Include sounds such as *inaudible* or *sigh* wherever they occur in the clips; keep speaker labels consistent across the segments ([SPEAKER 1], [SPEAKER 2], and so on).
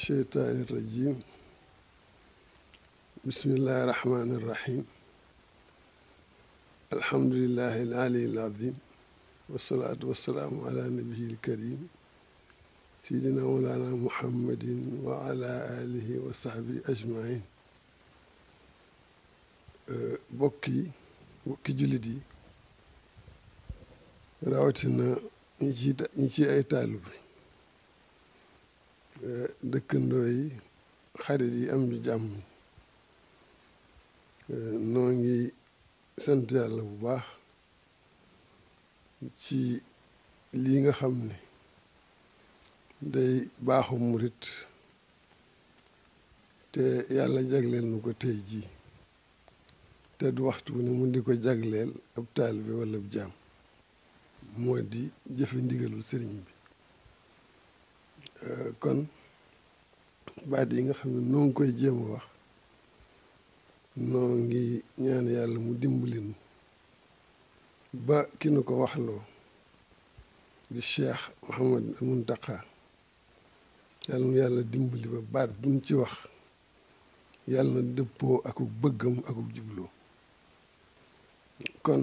[SPEAKER 1] الشيطان الرجيم بسم الله الرحمن الرحيم الحمد لله العلي العظيم والصلاة والسلام على نبيه الكريم سيدنا مولانا محمد وعلى آله وصحبه أجمعين بوكي بوكي جلدي راوتنا نجي نجي أي طالب Eh, dëkkandoo yi xarit yi am jàmm eh, noo ngi sant yàlla bu baax ci lii nga xam ne day baaxu murit te yàlla jagleel nu ko tey jii te du waxtu ne mu di ko jagleel ab taalibe wala ab jaam moo di jëfe ndigalul sëriñ bi Euh, kon baat yi nga xam ne noo ngi koy jéem wax noo ngi ñaan yàlla mu dimbali nu ba ki nu ko waxloo di Cheikh Mouhamad Mountakha yàlla mu yàlla dimbali ba baat bu ñu ci wax yàlla na dëppoo ak bëggam ak jubloo kon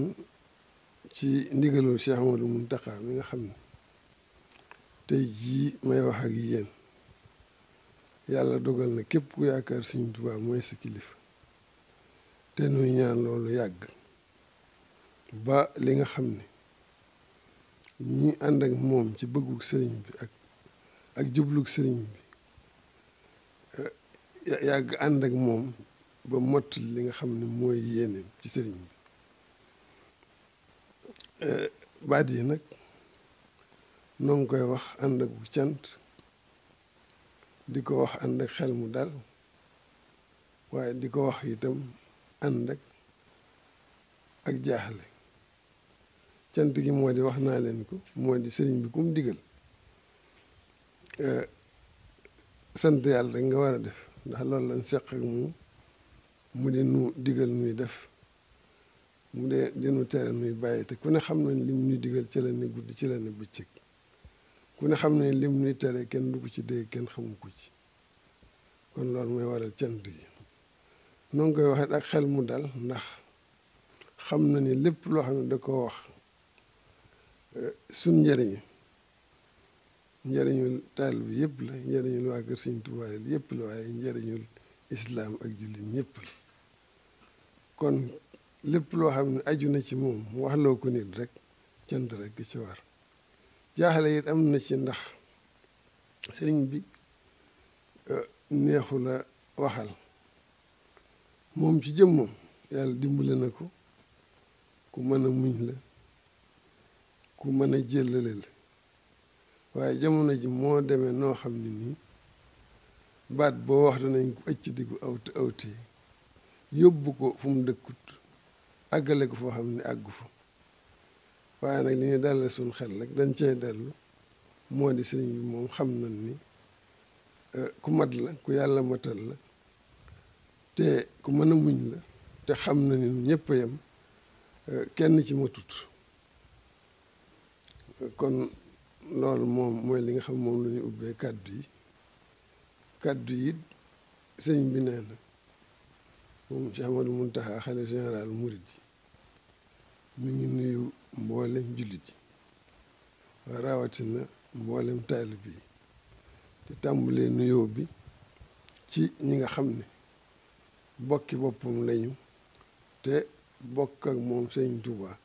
[SPEAKER 1] ci ndigalul Cheikh Mouhamad Mountakha mi nga xam ne te jii may wax ak yéen yàlla dogal na képp ku yaakaar Sëriñ Tuubaa mooy sa kilifa te nuy ñaan loolu yàgg ba li nga xam ne ñi ànd ak moom ci bëggug sëriñ bi ak ak jublug sëriñ bi eh, yàgg ànd ak moom ba mott li nga xam ni mooy yéene ci sëriñ bi eh, baat yi nag noo ngi koy wax ànd ak bu cant di ko wax ànd ak xel mu dal waaye di ko wax itam ànd ak ak jaaxle cant gi moo di wax naa leen ko moo di sëriñ bi kum digal e, sant yàlla rek nga war a def ndax loolu lañ seq ak moom mu di nu digal nuy def mu de dinu tere nuy bàyyi te ku ne xam nañ mu nuy digal ci la ni guddi ci la ni bëccëg
[SPEAKER 2] ku ne xam ne lim
[SPEAKER 1] nuy tere kenn du ci dégg kenn xamu ko ci kon loolu mooy waral cent yi noo ngi koy waxee ak xel mu dal ndax xam na ni lépp loo xam ne da ko wax eh, suñ njëriñ njëriñul taalibe bi yëpp la njëriñul waa kër Sëriñ Tuubaa yëpp la waaye njëriñul islaam ak jullit ñëpp la kon lépp loo xam ne aju na ci moom mu wax loo ko nit rek cent rek ci war jaaxale it am na ci ndax sëriñ bi euh, neexu la waxal moom ci jëmm yàlla dimbale na ko ku mën a muñ la ku mën a jëllale la waaye jamono ji moo demee noo xam ne nii baat boo wax danañ ko ëcc di ko awte awte yóbbu ko fu mu dëkkut àggale ko foo xam ne àggu fa waaye nag li ñu dalal suñ xel rek dañ cee dellu moo di sëriñ bi moom xam na ni eh, ku mat la ku yàlla matal la te ku mën a muñ la te xam na ni ñëpp yem eh, kenn ci matut kon loolu moom mooy li nga xam moom la ñu ubbee kàddu yi kàddu yi sëñ bi nee na moom Cheikh Amadou Mountakha xalifa général Mouride mi ngi nuyu mboolem jullit yi rawatina mboolem taalib yi te tàmbalee nuyoo bi ci ñi nga xam ni bokki boppam lañu te bokk ak moom sëñ Tuubaa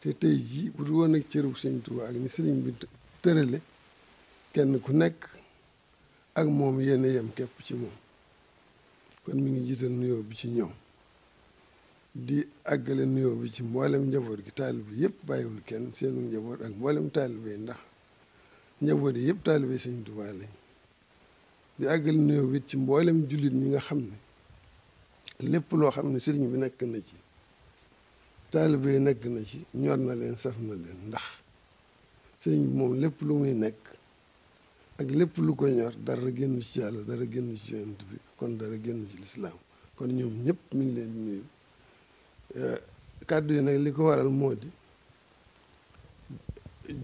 [SPEAKER 1] te tey jii bu du woon ak cëru sëñ Tuubaa ak ni sëriñ bi tërale kenn ku nekk ak moom yenn yem képp ci moom kon mu ngi jiital nuyoo bi ci ñoom di àggale nuyoo bi ci mboolem njaboot gi taalibe yëpp bàyyiwul kenn seenu njaboot ak mboolem taalibe ndax njaboot yi yëpp taalibe Sëñ Tuubaa lañ di àggale nuyoo bi ci mboolem jullit ñi nga xam ne lépp loo xam ne sëriñ bi nekk na ci taalibe yi nekk na ci ñor na leen saf na leen ndax sëriñ moom lépp lu muy nekk ak lépp lu ko ñor dara génn ci yàlla dara génn ci yonent bi kon dara génn ci lislaam kon ñoom ñëpp mi ngi leen nuyu Eh, kàddu yi nag li ko waral moo di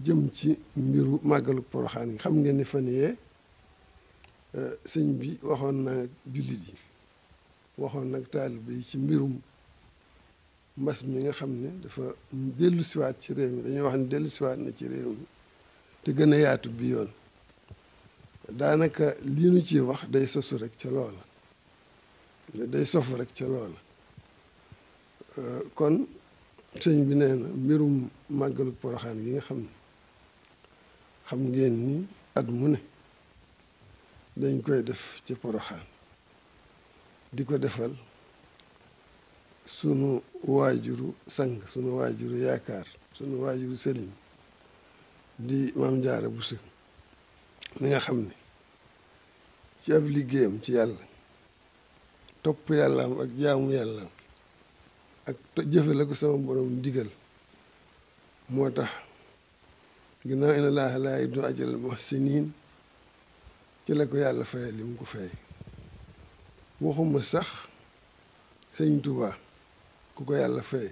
[SPEAKER 1] jëm ci mbiru màggalu poroxaan xam ngeen ni fan yee eh, sëñ bi waxoon na jullit yi waxoon nag taalibe yi ci mbirum mbas mi nga xam ne dafa dellu siwaat ci réew mi dañuy wax ne dellu siwaat na ci réew mi te gën a yaatu bi yoon daanaka lii nu ciy wax day sosu rek ca loola day sofu rek ca loola kon sëñ bi nee na mbirum màggalu poroxaan gi nga xam ne xam ngeen ni at mu ne dañ koy def ci poroxaan di ko defal sunu waajuru sang sunu waajuru yaakaar sunu waajuru sëriñ di maam jaara Buso mi nga xam ni ci ab liggéeyam ci yàlla topp yàllaam ak jaamu yàllaam ak jëfe la ko sama borom digal moo tax ginnaaw inna laaha laa yudhi'u ajral muhsiniin ci la ko yàlla fayal li mu ko fay waxuma sax sëñ Tuubaa ku ko yàlla fay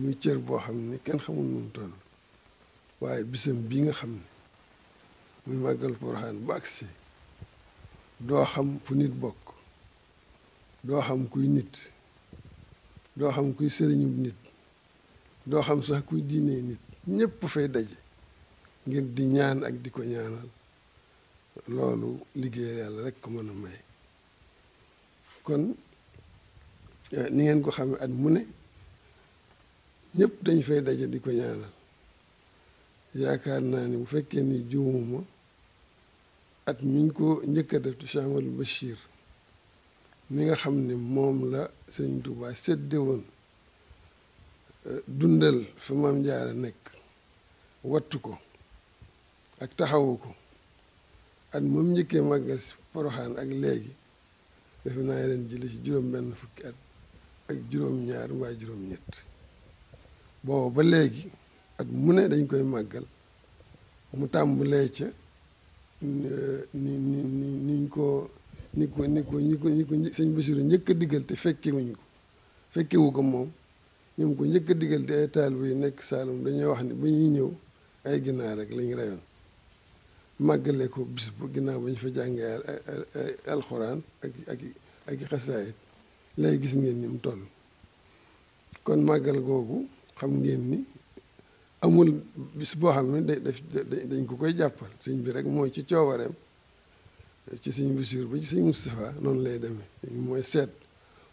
[SPEAKER 1] muy cër boo xam ni kenn xamul nu mu waaye bisam bii nga xam ne muy màggal Poroxaan bu agsi doo xam fu nit bokk doo xam kuy nit doo xam kuy sëriñu nit doo xam sax kuy diine nit ñépp fay daje ngir di ñaan ak di ko ñaanal loolu liggéeyal yàlla rek ko mën a may kon eh, ni ngeen ko xamee at mu ne ñëpp dañ fay daje di ko ñaanal yaakaar naa ni bu fekkee ni juumuma at mi ñu ko njëkk a def ci Cheikh Amadou mi nga xam ni moom la sëñ Touba sédde woon euh, dundal fi maam jaara nekk wattu ko ak taxawu ko at moom njëkkee màggal si poroxaan ak léegi defe naa leen jële ci juróom benn fukki at ak juróom-ñaar mbaa juróom-ñett booba ba léegi at mu ne dañ koy màggal mu tàmbalee ca euh, ni ni ni niñ ko ni ko ni ko ñi ko ñi ko sëñ Bassirou njëkk a digal fekkewuñu ko fekkewu ko moom ñoom ko njëkk a digal ay taalibe yu nekk Saalum dañuy wax ni ba ñuy ñëw ay ginaar rek lañu reyoon màggale ko bis bu ginnaaw ba ñu fa jàngee alxuraan ak ak ak i xasaayit lay gis ngeen ni mu toll kon màggal googu xam ngeen ni amul bis boo xam ne dañ ko koy jàppal sëñ bi rek mooy ci coowareem ci sëñ Bassirou ba ci sëñ Moustapha noonu lay demee mooy seet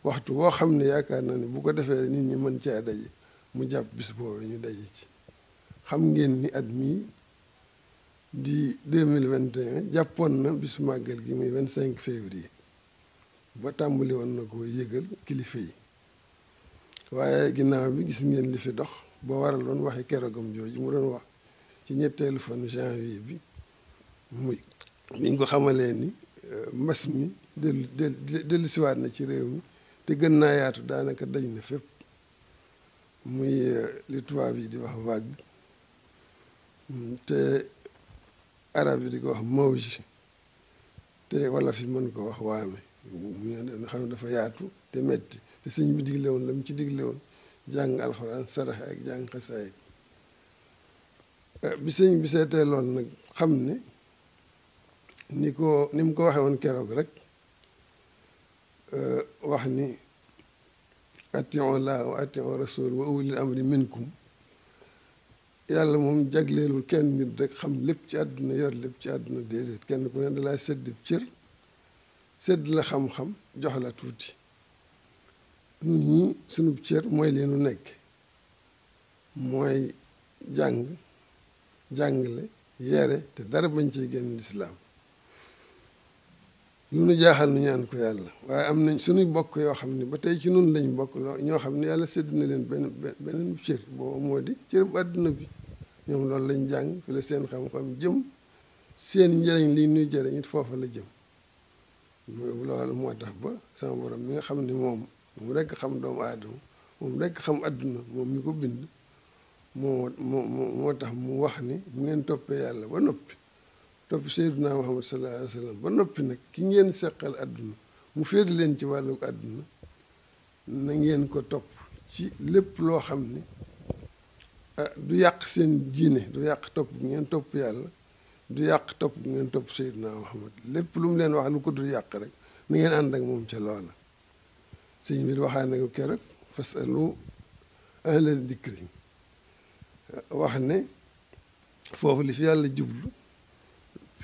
[SPEAKER 1] waxtu woo xam ne yaakaar na ne bu ko defee nit ñi mën caa daje mu jàpp bis boobu ñu daje ci xam ngeen ni at mii di mille 2021 jàppoon na bisu màggal gi muy 25 février ba tàmbali woon na ko yëgal kilifa yi waaye ginnaaw bi gis ngeen li fi dox ba waraloon waxi keroogam jooju mu doon wax ci ñetteelu fanu janvier bi muy ni ñu ko xamalee ni euh, mbas mi dellu dellu siwaat na ci réew mi te gën naa yaatu daanaka dañ na fépp muy euh, li tubaab yi di wax vague mm, te arab yi di ko wax mawj te wala fi mën ko wax waame mu xam ne dafa yaatu te metti te sëñ bi digle woon la mu ci digle woon jàng alxuraan saraxe ak jàng xasaay euh, bi sëñ bi seetee loon nag xam ne ni ko ni mu ko waxee woon keroog rek euh, wax ni atiu llah wa atiu rasul wa ulil amri minkum yàlla moom jagleelul kenn nit rek xam lépp ci àdduna yor lépp ci àdduna déedéet kenn ku ne dalaa sedd cër sedd la xam-xam jox la tuuti ñun ñi sunu cër mooy leenu nekk mooy jàng jàngale yere te dara bañ ciy génn lislaam
[SPEAKER 2] ñunu jaaxal nu ñaan ko
[SPEAKER 1] yàlla waaye am nañ suñu bokk yoo xam ne ba tey ci nun lañ bokk ñoo xam ne yàlla sédd na leen benn beneen cër boobu moo di cër bu àdduna bi ñoom loolu lañ jàng fi la seen xam-xam jëm seen njëriñ li ñuy jëriñ it foofa la jëm loolu moo tax ba sama borom mi nga xam ni moom mu rekk xam doomu aadama moom rekk xam àdduna moom mi ko bind moo moo moo tax mu wax ni bu ngeen toppee yàlla ba noppi topp Seydina Muhammad sallallahu alayhi wa sallam ba noppi nag ki ngeen seqal àdduna mu féete leen ci wàllu àdduna na ngeen ko topp ci lépp loo xam ni ah, du yàq seen diine du yàq topp bu ngeen topp yàlla du yàq topp bu ngeen topp Seydina Muhammad lépp lu mu leen wax lu ko dul yàq rek na ngeen ànd ak moom ca loola sëñ bi waxaa na ko keroog fasalu ahla dikri wax ne foofu li fi yàlla jublu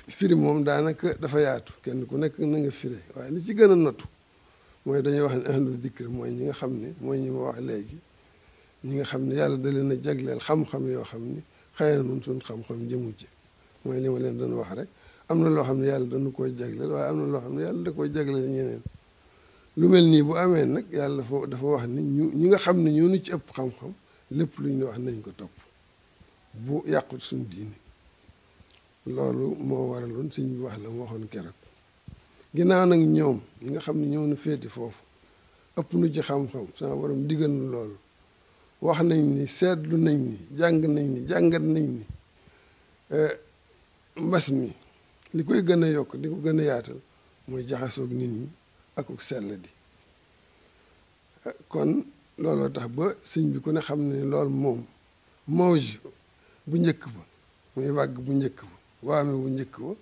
[SPEAKER 1] firi moom daanaka dafa yaatu kenn ku nekk na nga fire waaye li ci gën a nottu mooy dañuy wax ne ahlul dikr mooy ñi nga xam ne mooy ñi ma wax léegi ñi xam ne yàlla da leen a jagleel xam yoo xam ni xëy na suñ xam-xam jëmu ci mooy li ma leen doon wax rek am na loo xam ne yàlla dañu koy jagleel waaye am na loo xam ne yàlla da koo jagleel ñeneen lu mel nii bu amee nag yàlla dafa dafa wax ni ñu ñi nga xam ne ñu ñu ci ëpp xam-xam lépp lu ñu wax nañ ko topp bu yàqut suñu diine loolu moo waraloon suñ bi wax la mu waxoon keroog ginnaaw nag ñoom ñi nga xam ne ñoo nu féeti foofu ëpp nu ci xam-xam sama borom digal nu loolu wax nañ ni seetlu nañ ni jàng nañ ni jàngat nañ ni e, mbas mi li koy gën a yokk di ko gën a yaatal mooy jaxasoog nit ñi ak sell di e, kon looloo tax ba sëñ bi ku ne xam ne lool moom mawj bu njëkk ba muy wàgg bu njëkk ba waame wu njëkk wa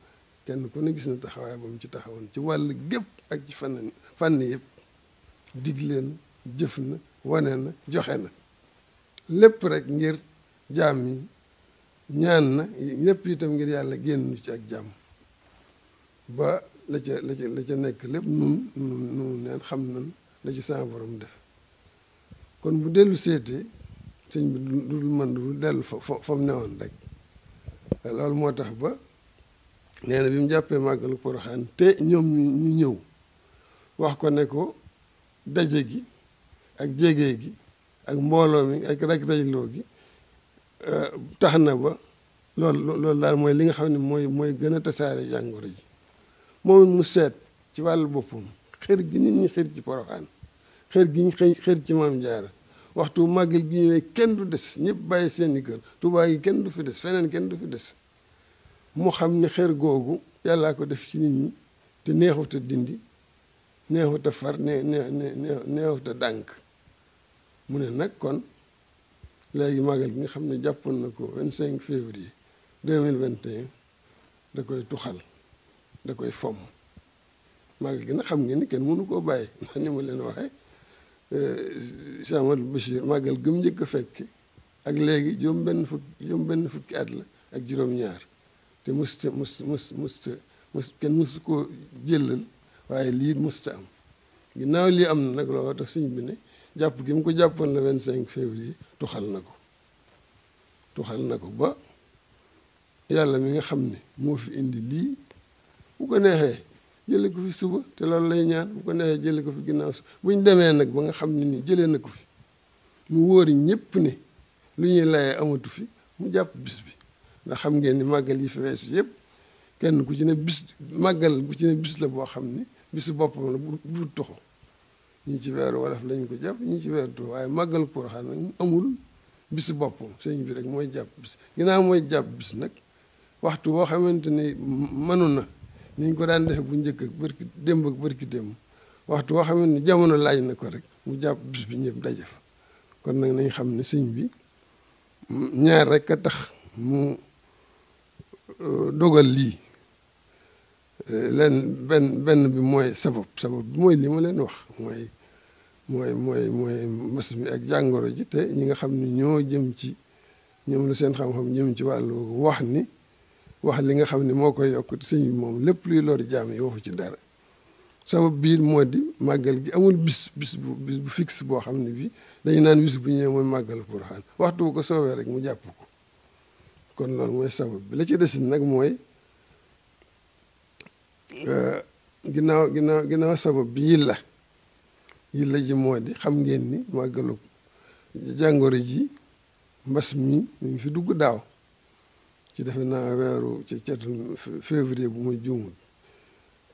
[SPEAKER 1] kenn ku ne gis na taxawaay ba mu ci taxawoon ci wàll gépp ak ci fànn fànn yëpp digle na jëf na wane na joxe na lépp rek ngir jaam yi ñaan na lépp itam ngir yàlla génn ci ak jàmm ba la ca la ca la ca nekk lépp nun nun nun neen xam nan la ci sama def kon bu dellu seetee sëñ bi du dul man du dellu fa fa mu newoon rek loolu moo tax ba neena na bi mu jàppee màggalu poroxaan te ñoom ñu ñëw wax ko ne ko daje gi ak jege gi ak mbooloo mi ak raj rajloo gi euh, tax na ba loolu loolu daal mooy li nga xam ni mooy mooy gën a tasaare jàngoro ji moom mu seet ci wàllu boppam xër gi nit ñi xër ci poroxaan xër gi ñu xër ci maam jaara waxtu màggal gi ñëwee kenn du des ñëpp bàyyi seeni kër Tuubaa yi kenn du fi des feneen kenn du fi des mu xam ni xër googu yàllaa ko def ci nit ñi te neexut a dindi neexut a far ne ne ne neexut dànk mu ne nag kon gi màggal gi nga xam ne jàppoon na ko 25 février 2021 da koy tuxal da koy fomm màggal gi nag xam ngeen ni kenn mënu koo bàyyi ndax ni ma leen waxee Cheikh Amadou Bachir màggal gëm njëkk a fekke ak léegi juróom benn fukki juróom benn fukki at la ak juróom-ñaar te musta musta mus musta kenn musta koo jëllal waaye lii musta am ginnaaw lii am na nag loo tax sëñ bi ne jàpp gi mu ko jàppoon le 25 février tuxal na ko tuxal na ko ba yàlla mi nga xam ne moo fi indi lii bu ko neexee jële ko fi suba te loolu lay ñaan bu ko neexee jëlee ko fi ginnaaw suba bu nag ba nga xam ne nii jëlee na ko fi mu wóor ñëpp ne lu ñuy layee amatu fi mu jàpp bi ndax xam ngeen ni màggal yi fi yëpp kenn ku ci bis màggal bu ci ne la boo xam ni bisu boppam la bu bu toxu ñi ci weeru wolof lañ ko jàpp ñi ci weeru waaye màggal Porokhane nag mu amul bisu boppam sëñ bi rek mooy jàpp bis mooy jàpp bis nag waxtu boo xamante ni mënu na. niñ ko daan defee bu njëkk ak barki démb ak barki démb waxtu woo xam ne jamono laaj na ko rek mu jàpp bis bi ñëpp daje fa kon nag nañ xam ne sëñ bi ñaar rek a tax mu euh, dogal lii leen benn benn bi mooy sabab sabab mooy li ma leen wax mooy mooy mooy mooy mbas mi ak jàngoro ji te ñi nga xam ni ñoo jëm ci ñoom la seen xam-xam jëm ci wàllu wax ni wax li nga xam ne moo koy yokk si bi moom lépp luy lor jaam yi waxu ci dara sabab biir moo di màggal gi amul bis bis bu bis bu fixe boo xam ne bii dañu naan bis bu ñëwee mooy màggal Porokhane waxtu ko soowee rek mu jàpp ko kon lool mooy sabab bi la ci desit nag mooy euh, ginnaaw ginnaaw ginnaaw sabab bi yilla yilla ji moo di xam ngeen ni màggalu jàngoor ji mbas mi mu fi dugg daaw ci defe naa weeru ci cetu février bu mu juumul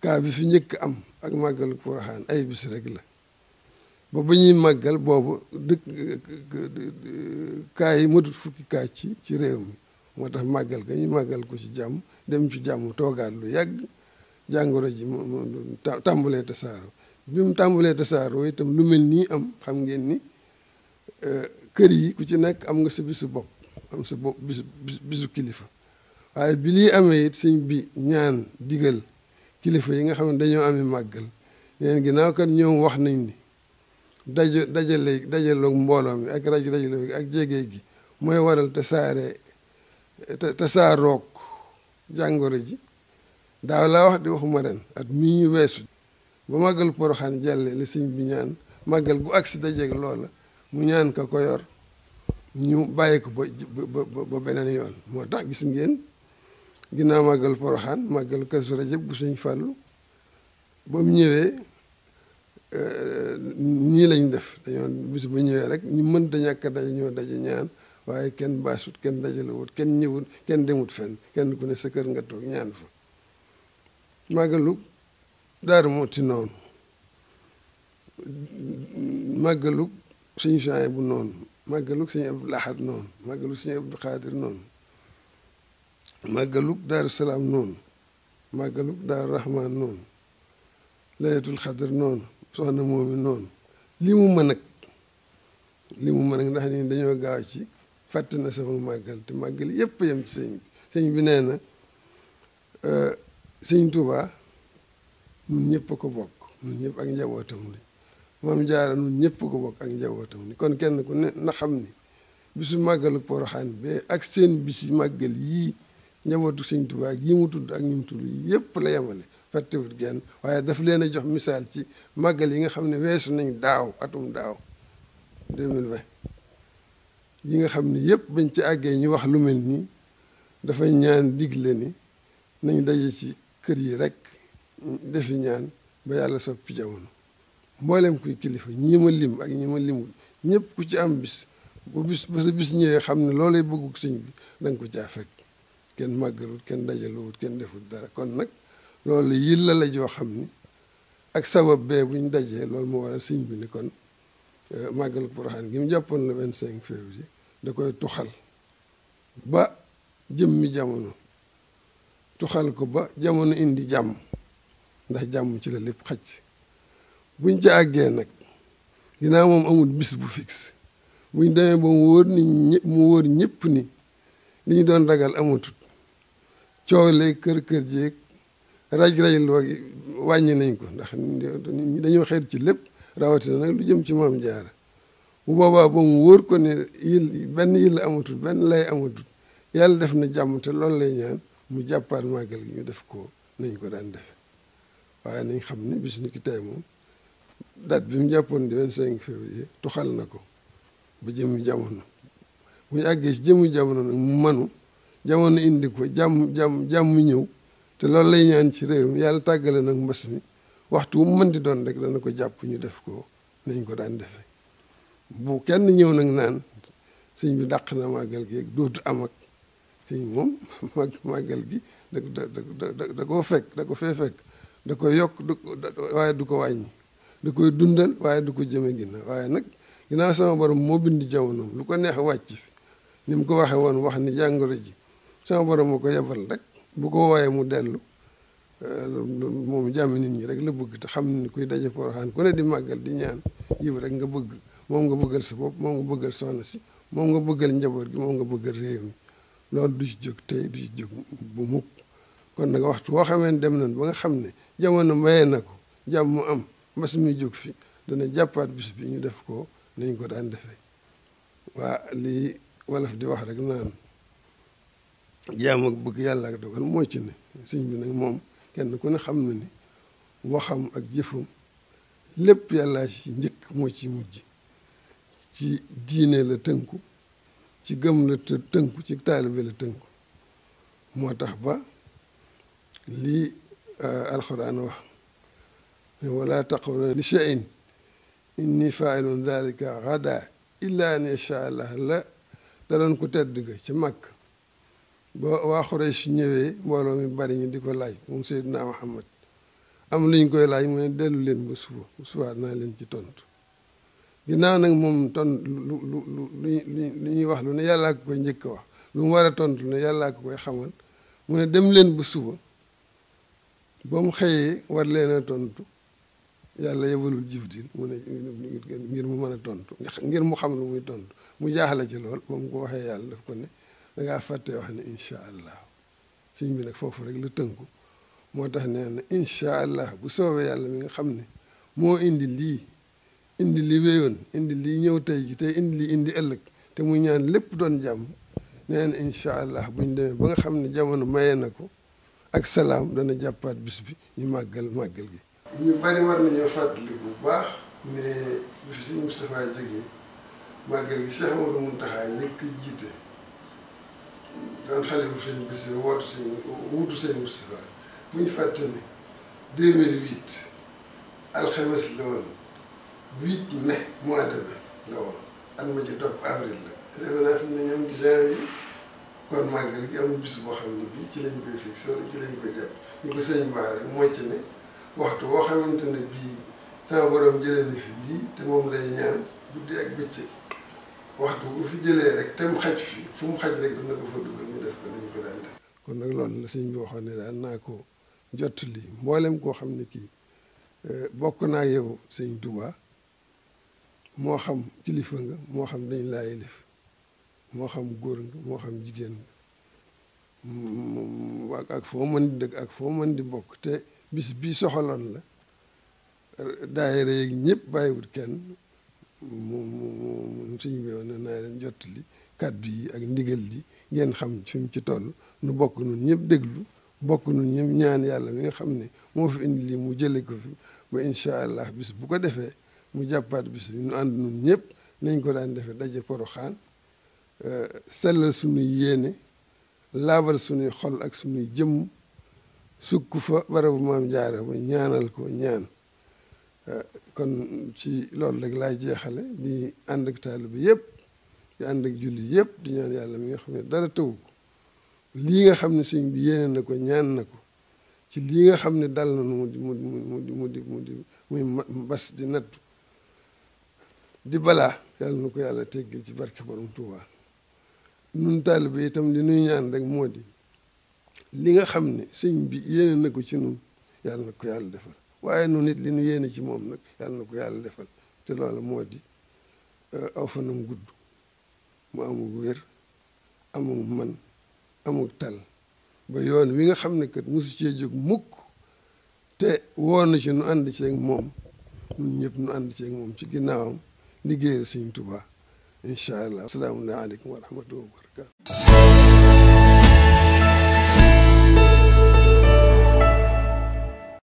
[SPEAKER 1] kaa bi fi njëkk am ak màggal Porokhane ay bis rek la ba ba ñuy màggal boobu dëkk kaa yi matut fukki kaa ci ci réew mi moo tax màggal ka ñu màggal ko ci jàmm dem ci jàmm toogaat lu yàgg jàngoro ji tàmbalee tasaaro bi mu tàmbalee tasaaro itam lu mel nii am xam ngeen ni euh, kër yi ku ci nekk am nga sa bisu bopp sa bopp bisu bisu kilifa waaye bi lii amee it sëñ bi ñaan digal kilifa yi nga xam ne dañoo amee màggal leen ginnaaw kat ñoom wax nañ ni daje dajale dajaloog mbooloo mi ak rajo dajale ak jege gi mooy waral te saare ji daaw laa wax di waxuma ren at mii ñu weesu ba màggal poroxaan jàlle màggal gu agsi dajeeg loola mu ñaan ka ko ñu bàyyi ko ba ba beneen yoon moo tax gis ngeen ginnaaw màggal poroxaan màggal Kazu Rajab bu Sëñ Fàllu ba mu ñëwee euh, nii lañ def dañoo bis ba ñëwee rek ñu mën da ñàkk daje ñoo daje ñaan waaye kenn baasut kenn dajalewut kenn ñëwut kenn demut fen kenn ku ne sa kër nga toog ñaan fa màggalu Daaru Muxti noonu màggalu Sëñ Saaliw bu noonu màggalug sëñ Abdul Ahad noonu màggalug sëñ Abdul noonu màggalug daaru salaam noonu màggalug daaru rahmaan noonu layatul xadr noonu soxna mu mën ak li mu ndax ni dañoo gaaw ci fàtte na sama màggal te màggal yépp yem ci sëñ bi sëñ bi nee na euh, sëñ Tuubaa ñëpp a ko bokk ñun ñëpp ak njabootam lañ moom jaare nun ñëpp ko bokk ak njabootam ni kon kenn ku ne na xam ni bi su màggalu poroxaan bi ak seen bisi màggal yii njabootu sëñ Tuubaa yi mu tudd ak ñu yëpp la yemale fàttewut genn waaye daf leen a jox misaal ci màggal yi nga xam ne weesu nañ daaw atum daaw 2020 yi nga xam ni yëpp bañ ci àggee ñu wax lu mel nii dafa ñaan digle ni nañ daje ci kër yi rekk defi ñaan ba yàlla soppi jamono mboolem kuy kilifa ñi ma lim ak ñi ma limul ñëpp ku ci am bis bu bis ba sa bis ñëwee xam ne loolay bëggug sëñ bi danga ko caa fekk kenn màggalul kenn dajaluwut kenn deful dara kon nag loolu yil la la joo xam ni ak sabab bee bu ñu dajee loolu moo waral sëñ bi ni kon euh, màggalu Poroxaan gi mu jàppoon le 25 février da koy tuxal ba jëmmi jamono tuxal ko ba jamono indi jàmm ndax jàmm ci la lépp xaj buñ ci àggee nag ginnaaw moom amut bis bu fixe buñ demee ba mu wóor ni ñëpp ni li ñu doon ragal amatut coow leeg kër-kër jeeg raj-raj loo wàññi nañ ko ndax ñi xeet ci lépp rawatina nag lu jëm ci maam jaara bu boobaa ba mu wóor ko ne benn yil amatul benn lay amatul yàlla def na jàmm te loolu lay ñaan mu jàppaat màggal gi ñu def ko nañ ko daan defe waaye nañ xam ne bis ni ki tey moom date bi mu jàppoon di 25 février tuxal na ko ba jëmm jamono mu ñu àggee ci jëmu jamono nag mu manu jamono indi ko jàmm jàmm jàmm ñëw te loolu lay ñaan ci réew mi yàlla tàggale nag mbas mi waxtu wu mën di doon rek dana ko jàpp ñu def ko nañ ko daan defee bu kenn ñëw nag naan sëñ bi daq na màggal gi dootu am ak sëñ moom *laughs* màgg màggal gi da da da da koo fekk da ko fee da ko yokk du waaye du ko wàññi. da koy dundal waaye du ko jëme ginnaaw waaye nag ginnaaw sama borom moo bind jamonoom lu ko neex wàcc fi ni mu ko waxee woon wax ni jàngoro ji sama borom moo ko yebal rek bu ko wooyee mu dellu euh, moom jàmm nit ñi rek la bëgg te xam ni kuy daje poroxaan ku ne di di ñaan yiw rek nga bëgg moom nga bëggal sa bopp moom nga bëggal soxna si moom nga bëggal njaboot gi moom nga bëggal réew mi loolu du ci jóg tey du ci jóg bu mukk kon nag wax woo xamee dem nañ ba nga xam ne jamono mayee na ko jàmm mu am mas mi jóg fi dana jàppaat bis bi ñu def ko nañ ko daan defee waa lii wolof di wax rek naan jaam ak bëgg yàlla ak dogal mooy ci ne sëñ bi nag moom kenn ku ne xam na ni waxam ak jëfam lépp yàlla ci njëkk moo ci mujj ci diine la tënku ci gëm la tënku ci taalibe la tënku moo tax ba lii euh, alxuraan wax wala taquluna li shay'in inni fa'ilun dhalika ghadan illa an yasha Allah la daloon ko tedd ga ci màkk ba waa Quraysh ñëwee mbooloo mi bari ñu di ko laaj moom Seydina Muhammad am lu ñu koy laaj mu ne dellu leen ba suba bu subaa naa leen ci tontu ginnaaw nag moom tontu lu lu lu lu ñuy wax lu ne yàllaa ko koy njëkk wax lu mu war a tontu ne yàllaa ko koy xamal mu dem leen bu suba ba xëyee war leen a tontu yàlla yebalul jibril mu ne ngir mu man a tontu ngir mu xam lu muy tontu mu jaaxale ji lool ba mu ko waxee yàlla daf ko ne dangaa fàtte wax ne incha allah sëñ bi nag foofu rek la tënku moo tax nee na incha bu soobee yàlla mi nga xam ne moo indi lii indi li wéyoon indi lii ñëw tey ji tey indi lii indi ëllëg te mu ñaan lépp doon jàmm nee na incha allah buñ demee ba nga xam ne jamono may na ko ak salaam dana jàppaat bis bi ñu màggal màggal gi ñu bari war nañoo fàttali bu baax ne bi fi sëñ Moustapha jógee màggal gi Cheikh Mamadou Mountakha njëkk jiite daan xalifu sëñ Bassirou wootu sëñ wuutu sëñ Moustapha bu ñu fàtte ni 2008 alxames la woon 8 mai mois de mai la woon at ma ci topp avril la defe naa fi ne ñoom di janvier kon màggal gi amul bis boo xam ne bii ci lañ koy fixé wala ci lañ koy jàpp ñu ko sëñ Ba rek mooy ci ne waxtu woo xamante ne bii sama borom jëlee na fi lii te moom lay ñaan guddi ak bëccëg waxtu bu fi jëlee rek te mu xaj fi fu mu xaj rek dina ko fa dugal mu def ko nag loolu la sëñ naa ko jot li mboolem koo xam ne kii e, bokk naa yow sëñ Touba moo xam kilifa nga moo xam dañ laa yëlif moo xam góor nga moo xam jigéen nga ak foo mën di dëkk ak foo mën di bokk te. bis bi soxoloon la daayira yeeg ñëpp bàyyiwut kenn mu mu mu suñ bi woon naa leen jottali kàddu yi ak ndigal li ngeen xam fi mu ci toll nu bokk nun ñëpp déglu bokk nun ñëpp ñaan yàlla mi nga xam ne moo fi indi lii mu jële ko fi ba incha allah bis bu ko defee mu jàppaat bis bi nu ànd nun ñëpp nañ ko daan defee daje xaan euh, sellal suñuy yéene laabal suñuy xol ak suñuy jëmm sukk fa barabu maam jaara ba ñaanal ko ñaan eh, kon ci loolu rek laa jeexale di ànd ak taalibe yëpp di ànd ak julli yëpp di ñaan yàlla mi nga xam ne dara tëwu ko lii nga xam ne sëñ bi yéene na ko ñaan na ko ci lii nga xam ne dal na mu di mu di mu di mu di muy bas di nattu di balaa yàlla na ko yàlla teggil ci barke borom Tuubaa nun taalibe itam li nuy ñaan rek moo di li nga xam ne sëñ bi yéene na ko ci nun yàlla na ko yàlla defal waaye nun nit li nu yéene ci moom nag yàlla na ko yàlla defal te loolu moo di euh, aw fanam gudd mu amug wér amug man amug tal ba yoon wi nga xam ne kat mosu cee jóg mukk te woon na ci nu ànd ceeg moom ñun ñëpp nu ànd ceek moom ci ginnaawam liggéeyal Sëñ Tuubaa incha allah asalaamu aleykum wa rahmatulah wa